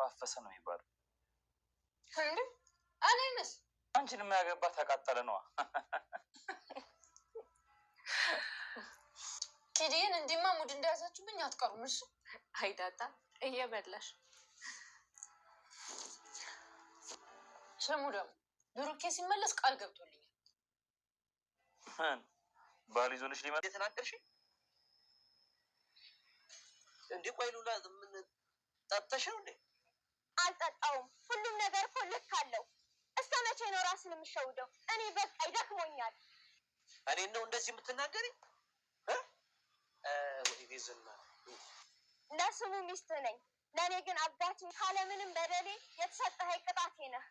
ኳፈሰ ነው የሚባለው። እንዴ አንችን አንቺን የሚያገባ ተቃጠለ ነዋ። ኪዲን እንዲማ ሙድ እንዳያዛችሁብኝ አትቀሩም። እሺ አይዳጣ እየበላሽ ስሙ። ደግሞ ብሩኬ ሲመለስ ቃል ገብቶልኛል። ባል ይዞልሽ ሊመ የተናገርሽ እንዴ? ቆይ ሉላ ምን ጠጥተሽ ነው እንዴ? አልጠጣውም። ሁሉም ነገር እኮ ልክ አለው። እስከ መቼ ነው ራስን የምሸውደው? እኔ በቃ ይደክሞኛል። እኔ ነው እንደዚህ የምትናገሪ? ለስሙ ሚስት ነኝ፣ ለእኔ ግን አባቴ። ካለምንም በደሌ የተሰጠህ ቅጣቴ ነህ።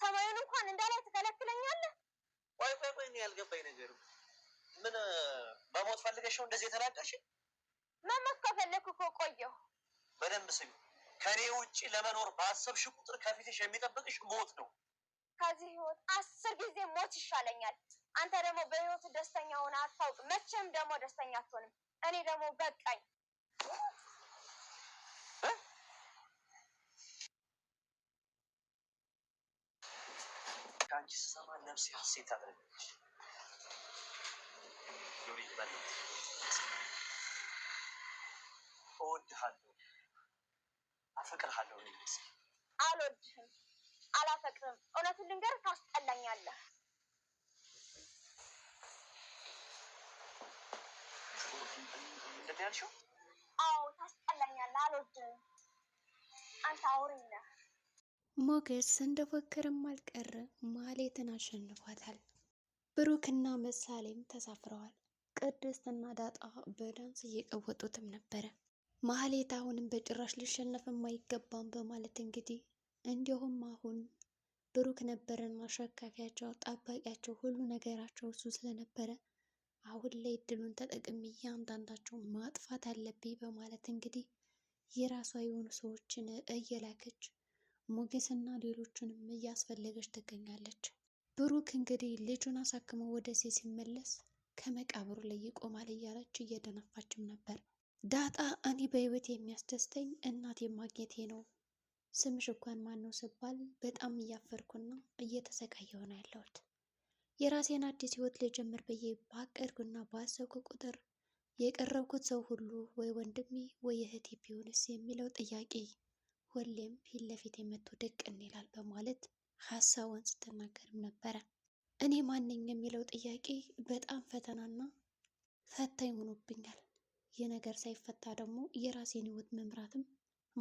ሰማዩን እንኳን እንዳላይ ትከለክለኛለህ? ቆይ ቆይ ቆይ፣ እኔ ያልገባኝ ነገር ምን በሞት ፈልገሽው እንደዚህ የተናገርሽ? መሞት ከፈለግኩ እኮ ቆየሁ። በደንብ ስሚ ከኔ ውጭ ለመኖር ባሰብሽ ቁጥር ከፊትሽ የሚጠብቅሽ ሞት ነው። ከዚህ ህይወት አስር ጊዜ ሞት ይሻለኛል። አንተ ደግሞ በህይወት ደስተኛ ሆነ አታውቅ። መቼም ደግሞ ደስተኛ አትሆንም። እኔ ደግሞ በቃኝ። ከአንቺ ስሰማ ነፍሴ ሀሴት አደረገች። እወድሃለሁ አፈቅርሃለሁ። አልወድህም፣ አላፈቅርም። እውነቱን ልንገርህ ታስጠላኛለህ። ምንድን ያልሽው? አዎ ታስጠላኛለህ፣ አልወድህም። አንተ አውሪ ነህ። ሞገስ እንደፎከረም አልቀረ ማሌትን አሸንፏታል። ብሩክና ምሳሌም ተሳፍረዋል። ቅድስትና ዳጣ በዳንስ እየቀወጡትም ነበረ። ማህሌት አሁንም በጭራሽ ሊሸነፍ የማይገባም በማለት እንግዲህ እንዲሁም አሁን ብሩክ ነበረና አሸካፊያቸው፣ ጠባቂያቸው፣ ሁሉ ነገራቸው እሱ ስለነበረ አሁን ላይ እድሉን ተጠቅሜ እያንዳንዳቸውን ማጥፋት አለብኝ በማለት እንግዲህ የራሷ የሆኑ ሰዎችን እየላከች ሞገስና ሌሎቹንም እያስፈለገች ትገኛለች። ብሩክ እንግዲህ ልጁን አሳክመው ወደ ሴ ሲመለስ ከመቃብሩ ላይ ይቆማል እያለች እየደነፋችም ነበር። ዳጣ እኔ በህይወት የሚያስደስተኝ እናት የማግኘቴ ነው። ስምሽ እንኳን ማን ነው ስባል በጣም እያፈርኩና እየተሰቃየሁ ነው ያለሁት። የራሴን አዲስ ህይወት ልጀምር ብዬ ባቀድኩና ባሰብኩ ቁጥር የቀረብኩት ሰው ሁሉ ወይ ወንድሜ ወይ እህቴ ቢሆንስ የሚለው ጥያቄ ሁሌም ፊት ለፊት የመቶ ድቅን ይላል በማለት ሀሳቧን ስትናገርም ነበረ። እኔ ማንኝ የሚለው ጥያቄ በጣም ፈተናና ፈታኝ ሆኖብኛል። ይህ ነገር ሳይፈታ ደግሞ የራሴን ህይወት መምራትም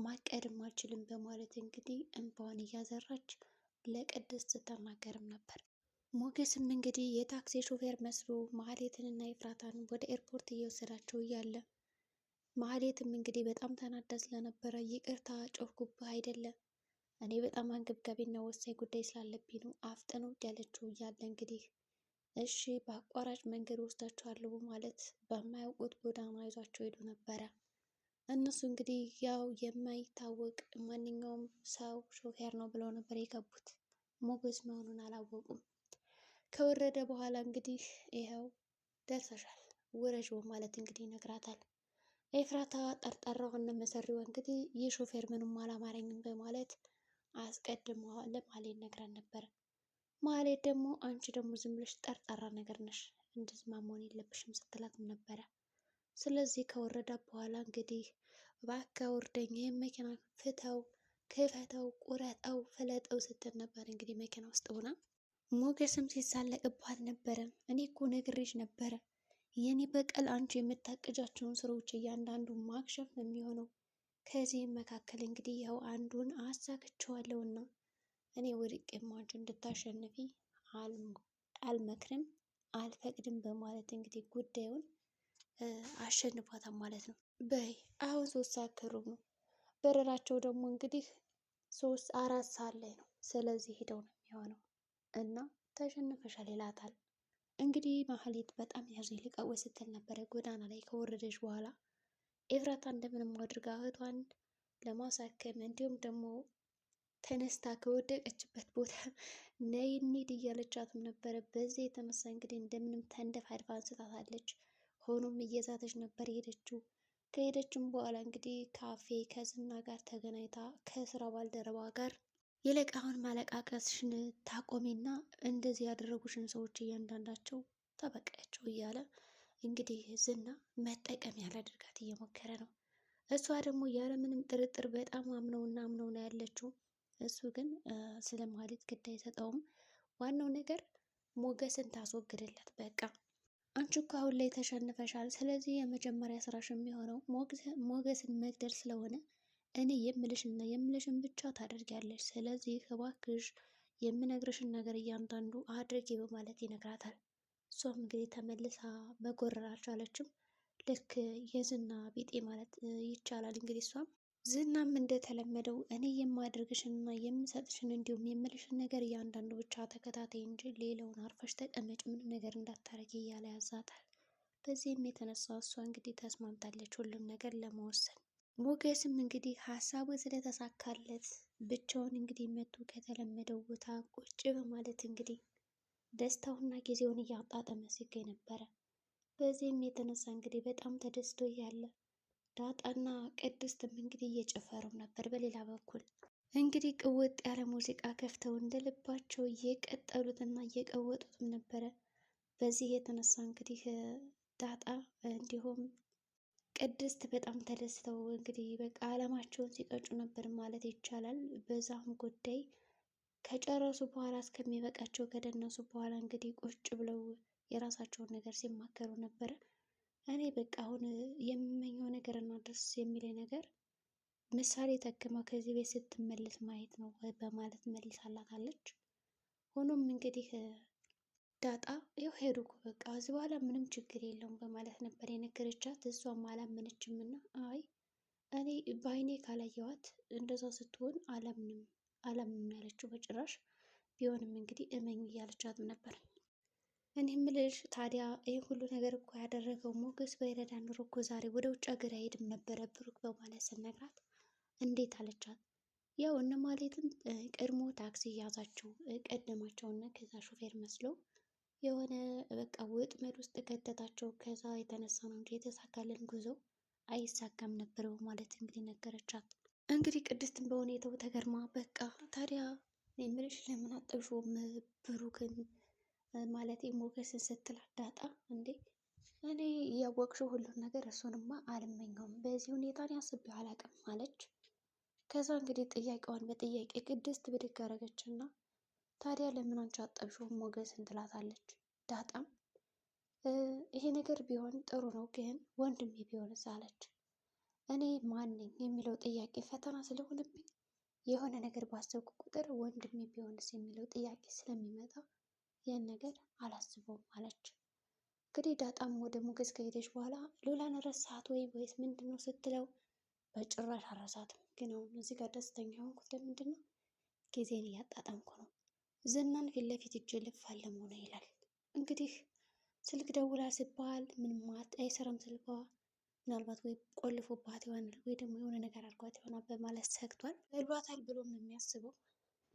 ማቀድም አልችልም በማለት እንግዲህ እንባዋን እያዘራች ለቅድስት ስትናገርም ነበር። ሞገስም እንግዲህ የታክሲ ሾፌር መስሎ ማህሌትን እና ኤፍራታን ወደ ኤርፖርት እየወሰዳቸው እያለ ማህሌትም እንግዲህ በጣም ተናዳ ስለነበረ ይቅርታ ጮህኩብህ አይደለም እኔ በጣም አንገብጋቢ እና ወሳኝ ጉዳይ ስላለብኝ ነው አፍጥነው ያለችው እያለ እንግዲህ እሺ በአቋራጭ መንገድ ወስዳቸዋለሁ ማለት በማያውቁት ጎዳና ይዟቸው ሄዶ ነበረ። እነሱ እንግዲህ ያው የማይታወቅ ማንኛውም ሰው ሾፌር ነው ብለው ነበር የገቡት። ሞገስ መሆኑን አላወቁም። ከወረደ በኋላ እንግዲህ ይኸው ደርሰሻል ውረጅ ማለት እንግዲህ ይነግራታል። ኤፍራታ ጠርጣራው እና መሰሪው እንግዲህ ይህ ሾፌር ምንም አላማረኝም በማለት አስቀድመዋ ለማሌ ነግረን ነበር። ማህሌት ደግሞ አንቺ ደግሞ ዝም ብለሽ ጠርጣራ ነገር ነሽ፣ እንደዚህ ማመን የለብሽም ስትላትም ነበረ። ስለዚህ ከወረዳ በኋላ እንግዲህ እባክህ አውርደኝ፣ ይህን መኪና ፍተው፣ ክፈተው፣ ቁረጠው፣ ፍለጠው ስትል ነበር እንግዲህ መኪና ውስጥ ሆና። ሞገስም ሲሳለቅባት ነበረ። እኔ እኮ ነግሬሽ ነበረ የኔ በቀል አንቺ የምታቅጃቸውን ስራዎች እያንዳንዱ ማክሸፍ ነው የሚሆነው። ከዚህም መካከል እንግዲህ ያው አንዱን አሳክቸዋለሁና እኔ ወድቄም አንቺ እንድታሸንፊ አልመክርም አልፈቅድም በማለት እንግዲህ ጉዳዩን አሸንፏታል ማለት ነው። በይ አሁን ሶስት ሰዓት ከሩብ ነው። በረራቸው ደግሞ እንግዲህ ሶስት አራት ሰዓት ላይ ነው። ስለዚህ ሄደው ነው የሚሆነው እና ተሸንፈሻል ይላታል። እንግዲህ ማህሌት በጣም ያዙ ልቀወይ ስትል ነበረ። ጎዳና ላይ ከወረደች በኋላ ኤፍራታ እንደምንም አድርጋ እህቷን ለማሳከም እንዲሁም ደግሞ ተነስታ ከወደቀችበት ቦታ ነይ እንሂድ እያለቻትም ነበረ። በዚህ የተነሳ እንግዲህ እንደምንም ተንደፍ አድፋ አንስታታለች። ሆኖም እየዛተች ነበር ሄደችው። ከሄደችም በኋላ እንግዲህ ካፌ ከዝና ጋር ተገናኝታ ከስራ ባልደረባ ጋር የለቃውን ማለቃቀስሽን ታቆሚና እንደዚህ ያደረጉሽን ሰዎች እያንዳንዳቸው ተበቃያቸው እያለ እንግዲህ ዝና መጠቀሚያ ያለድርጋት እየሞከረ ነው። እሷ ደግሞ ያለምንም ጥርጥር በጣም አምነውና አምነው ነው ያለችው። እሱ ግን ስለ ማህሌት ግድ አይሰጠውም። ዋናው ነገር ሞገስን ታስወግድለት በቃ። አንቺ እኮ አሁን ላይ ተሸንፈሻል። ስለዚህ የመጀመሪያ ስራሽ የሚሆነው ሞገስን መግደል ስለሆነ እኔ የምልሽና የምልሽን ብቻ ታደርጊያለሽ። ስለዚህ እባክሽ የምነግርሽን ነገር እያንዳንዱ አድርጊ በማለት ይነግራታል። እሷም እንግዲህ ተመልሳ መጎረር አልቻለችም። ልክ የዝና ቢጤ ማለት ይቻላል እንግዲህ እሷም ዝናም እንደተለመደው እኔ የማደርግሽንና የምሰጥሽን እንዲሁም የምልሽን ነገር እያንዳንዱ ብቻ ተከታታይ እንጂ ሌላውን አርፈሽ ተቀመጭ፣ ምንም ነገር እንዳታረጊ እያለ ያዛታል። በዚህም የተነሳ እሷ እንግዲህ ተስማምታለች ሁሉም ነገር ለመወሰን። ሞገስም እንግዲህ ሀሳቡ ስለተሳካለት ብቻውን እንግዲህ መቶ ከተለመደው ቦታ ቁጭ በማለት እንግዲህ ደስታውና ጊዜውን እያጣጠመ ሲገኝ ነበረ። በዚህም የተነሳ እንግዲህ በጣም ተደስቶ እያለ ዳጣና ቅድስትም እንግዲህ እየጨፈሩም ነበር። በሌላ በኩል እንግዲህ ቅውጥ ያለ ሙዚቃ ከፍተው እንደ ልባቸው እየቀጠሉትና እየቀወጡትም ነበረ። በዚህ የተነሳ እንግዲህ ዳጣ እንዲሁም ቅድስት በጣም ተደስተው እንግዲህ በቃ አላማቸውን ሲቀጩ ነበር ማለት ይቻላል። በዛም ጉዳይ ከጨረሱ በኋላ እስከሚበቃቸው ከደነሱ በኋላ እንግዲህ ቁጭ ብለው የራሳቸውን ነገር ሲማከሩ ነበረ። እኔ በቃ አሁን የምመኘው ነገር እና ደስ የሚለኝ ነገር ምሳሌ ተክማ ከዚህ ቤት ስትመለስ ማየት ነው በማለት መልሳላታለች። ሆኖም እንግዲህ ዳጣ ይኸው ሄዱ እኮ በቃ እዚህ በኋላ ምንም ችግር የለውም በማለት ነበር የነገረቻት። እሷም አላመነችም እና አይ እኔ በአይኔ ካላየዋት እንደዛ ስትሆን አላምንም አላምንም ያለችው በጭራሽ ቢሆንም እንግዲህ እመኝ እያለቻትም ነበር። እኔ የምልሽ ታዲያ ይህ ሁሉ ነገር እኮ ያደረገው ሞገስ በይረዳ ኑሮ እኮ ዛሬ ወደ ውጭ ሀገር አይሄድም ነበረ ብሩክ በማለት ስነግራት፣ እንዴት አለቻት። ያው እነ ማሌትም ቀድሞ ታክሲ እያዛቸው እና ከዛ ሹፌር መስሎ የሆነ በቃ ወጥመድ ውስጥ ከተታቸው። ከዛ የተነሳ ነው እንጂ የተሳካልን ጉዞ አይሳካም ነበር በማለት እንግዲህ ነገረቻት። እንግዲህ ቅድስትን በሁኔታው ተገርማ በቃ ታዲያ እኔ የምልሽ ለምን አጠብሽው ብሩክን ማለት ሞገስን ስትል አዳጣ እንዴ እኔ እያወቅሽው ሁሉን ነገር እሱንማ አልመኘውም፣ በዚህ ሁኔታ እኔ አስቤው አላውቅም አለች። ከዛ እንግዲህ ጥያቄዋን በጥያቄ ቅድስት ብድግ አረገች እና ታዲያ ለምን አንቺ አጠብሽው ሞገስን ትላታለች። ዳጣም ይሄ ነገር ቢሆን ጥሩ ነው ግን ወንድሜ ቢሆንስ አለች። እኔ ማን ነኝ የሚለው ጥያቄ ፈተና ስለሆነብኝ የሆነ ነገር ባሰብኩ ቁጥር ወንድሜ ቢሆንስ የሚለው ጥያቄ ስለሚመጣ ይህን ነገር አላስበውም አለች። እንግዲህ ዳጣም ወደ ሞገስ ከሄደች በኋላ ሉላን ረሳት ወይ ወይስ ምንድን ነው ስትለው በጭራሽ አረሳትም። ግን አሁን እዚህ ጋር ደስተኛ ሆንኩት ለምንድን ነው ጊዜን እያጣጣምኩ ነው። ዝናን ፊት ለፊት እጅ ልፋለመው ነው ይላል። እንግዲህ ስልክ ደውላ ሲባል ምንም አይሰራም ስልኳ። ምናልባት ወይ ቆልፎባት ይሆናል ወይ ደግሞ የሆነ ነገር አድርጓት ይሆናል በማለት ሰግቷል። ገብሏታል ብሎም ነው የሚያስበው።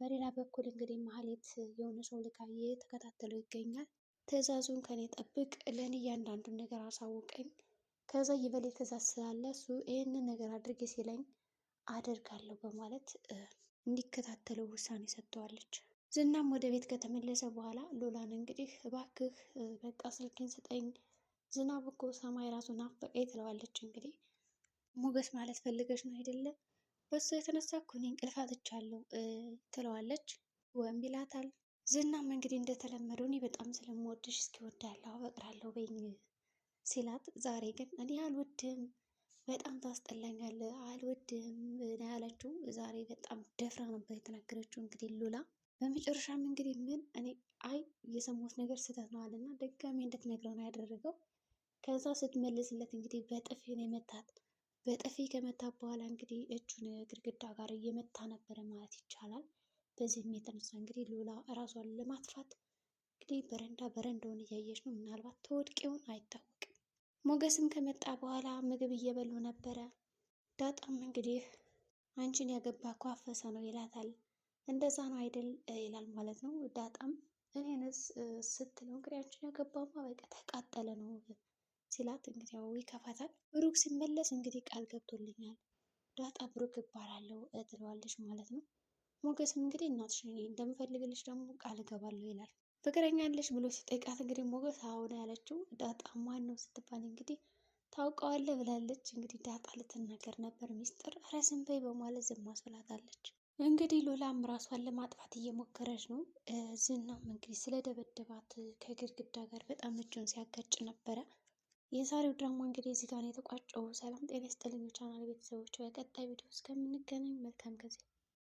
በሌላ በኩል እንግዲህ ማህሌት የሆነ ሰው ልካ እየተከታተለው ይገኛል። ትዕዛዙን ከኔ ጠብቅ፣ ለእኔ እያንዳንዱን ነገር አሳውቀኝ፣ ከዛ ይበል ትዕዛዝ ስላለ እሱ ይህንን ነገር አድርጌ ሲለኝ አደርጋለሁ በማለት እንዲከታተለው ውሳኔ ሰጥተዋለች። ዝናም ወደ ቤት ከተመለሰ በኋላ ሎላን እንግዲህ እባክህ በቃ ስልኬን ስጠኝ፣ ዝናብ እኮ ሰማይ ራሱ ናፈቀኝ ትለዋለች። እንግዲህ ሞገስ ማለት ፈልገች ነው አይደለ? በሱ የተነሳ እኮ እኔ እንቅልፍ አጥቻለሁ ትለዋለች ወይም ይላታል። ዝናም እንግዲህ እንደተለመደው እኔ በጣም ስለምወድሽ እስኪ እወዳለሁ አፈቅራለሁ በይኝ ሲላት፣ ዛሬ ግን እኔ አልወድም በጣም ታስጠላኛለህ አልወድም ያለችው ዛሬ በጣም ደፍራ ነበር የተናገረችው። እንግዲህ ሉላ በመጨረሻም እንግዲህ ምን እኔ አይ የሰማሁት ነገር ስህተት ነው አለና ድጋሚ እንድትነግረው ነው ያደረገው። ከዛ ስትመልስለት እንግዲህ በጥፊ ነው የመታት። በጥፊ ከመታ በኋላ እንግዲህ እጁን ግድግዳ ጋር እየመታ ነበረ ማለት ይቻላል። በዚህም የተነሳ እንግዲህ ሉላ እራሷን ለማጥፋት እንግዲህ በረንዳ በረንዳውን እያየች ነው። ምናልባት ተወድቅ ይሆን አይታወቅም። ሞገስም ከመጣ በኋላ ምግብ እየበሉ ነበረ። ዳጣም እንግዲህ አንቺን ያገባ እኮ አፈሰ ነው ይላታል። እንደዛ ነው አይደል ይላል ማለት ነው። ዳጣም እኔንስ ስትለው እንግዲህ አንቺን ያገባማ በቃ ተቃጠለ ነው ሲላት እንግዲህ ያው ይከፋታል። ብሩክ ሲመለስ እንግዲህ ቃል ገብቶልኛል ዳጣ ብሩክ እባላለሁ ትለዋለች ማለት ነው። ሞገስም እንግዲህ እናትሽ እንደምፈልግልሽ ደግሞ ቃል እገባለሁ ይላል። ፍቅረኛ አለሽ ብሎ ሲጠይቃት እንግዲህ ሞገስ አሁን ያለችው ዳጣ ማን ነው ስትባል እንግዲህ ታውቀዋለህ ብላለች። እንግዲህ ዳጣ ልትናገር ነበር ሚስጥር ረስም በይ በማለት ዝም አስብላታለች። እንግዲህ ሉላም ራሷን ለማጥፋት እየሞከረች ነው። ዝናም እንግዲህ ስለደበደባት ከግድግዳ ጋር በጣም እጁን ሲያጋጭ ነበረ። የዛሬው ድራማ እንግዲህ እዚህ ጋር ነው የተቋጨው። ሰላም ጤና ይስጥልኝ ቻናል ቤተሰቦች፣ በቀጣይ ቪዲዮ እስከምንገናኝ መልካም ጊዜ